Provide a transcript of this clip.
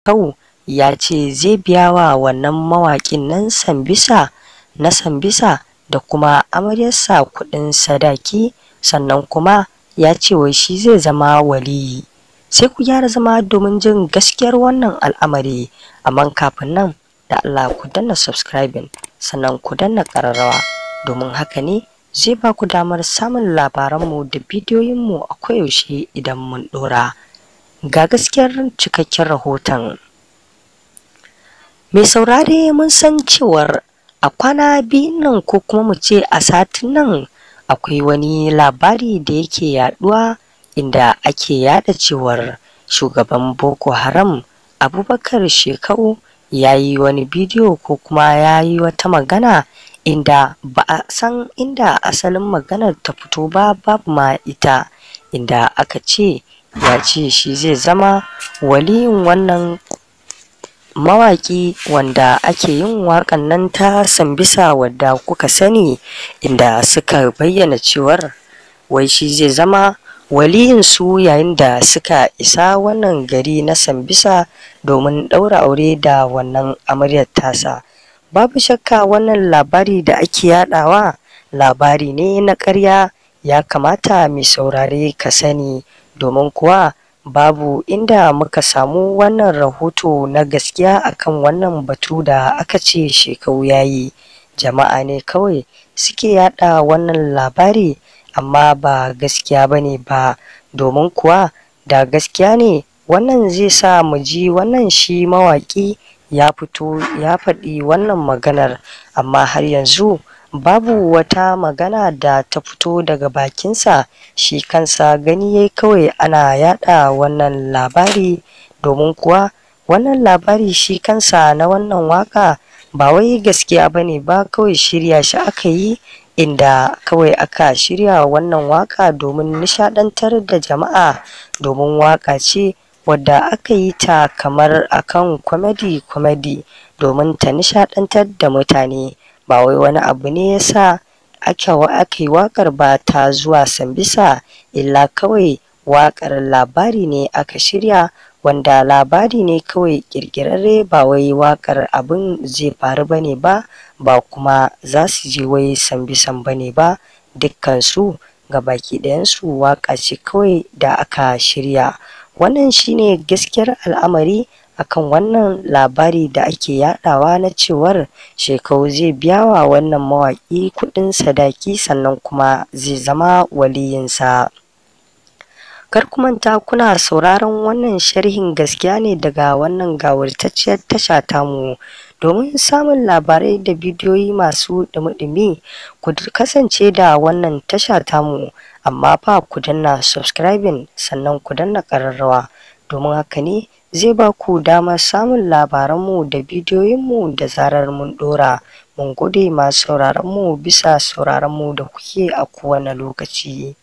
kau ya ce zai biya wa wannan mawaƙin na Sambisa da kuma amaryarsa kuɗin sadaki sannan kuma ya ce wai shi zai zama waliyi Sai ku gyara zama domin jin gaskiyar wannan al'amari, amma kafin nan da Allah ku danna subscribing sannan ku danna ƙararrawa domin haka ne zai ba ku damar samun labaranmu da bidiyoyinmu a koyaushe idan mun ɗora. ga gaskiyar cikakken rahoton mai saurare mun san cewar a kwana biyu nan ko kuma mu ce a satin nan akwai wani labari da yake yaduwa inda ake yada cewar shugaban boko haram abubakar shekau ya yi wani bidiyo ko kuma ya yi wata magana inda ba a san inda asalin maganar ta fito ba babu ma ita inda aka ce ya ce shi zai zama waliyin wannan mawaƙi wanda ake yin waƙan nan ta sambisa wadda kuka sani inda suka bayyana cewar wai shi zai zama waliyin su yayin da suka isa wannan gari na sambisa domin ɗaura aure da wannan amaryar tasa babu shakka wannan labari da ake yaɗawa labari ne na ƙarya ya kamata mai saurare ka sani domin kuwa babu inda muka samu wannan rahoto na gaskiya akan wannan batu da aka ce shekau yayi jama'a ne kawai suke yada wannan labari amma ba gaskiya ba ne ba domin kuwa da gaskiya ne wannan zai sa mu ji wannan shi mawaƙi ya fito ya faɗi wannan maganar amma har yanzu babu wata magana da ta fito daga bakinsa shi kansa gani yayi kawai ana yada wannan labari domin kuwa wannan labari shi kansa na wannan waka ba wai gaskiya bane ba kawai shirya shi aka yi inda kawai aka shirya wannan waka domin nishadantar da jama'a domin waka ce wadda aka yi ta kamar akan kwamadi-kwamadi domin ta nishadantar da mutane ba wai wani abu ne yasa aka aka yi waƙar ba ta zuwa Sambisa illa kawai waƙar labari ne aka shirya wanda labari ne kawai ƙirƙirarre ba wai waƙar abin zai faru ba ne ba ba kuma za su je wai Sambisan ba ne ba dukkansu baki ɗayansu waƙa ce kawai da aka shirya wannan shine gaskiyar al'amari akan wannan labari da ake yadawa na cewar shekau zai biya wa wannan mawaƙi kuɗin sadaki sannan kuma zai zama waliyinsa. Kar ku ta kuna sauraron wannan sharhin gaskiya ne daga wannan gawurtacciyar tasha tamu. Domin samun labarai da bidiyoyi masu dumi-dumi ku kasance da wannan tasha tamu amma fa ku danna subscribing sannan ku danna ƙararrawa domin haka ne zai ba ku damar samun labaranmu da bidiyoyinmu da zarar mun dora. Mun gode masu sauraronmu bisa sauraronmu da kuke a kowane lokaci.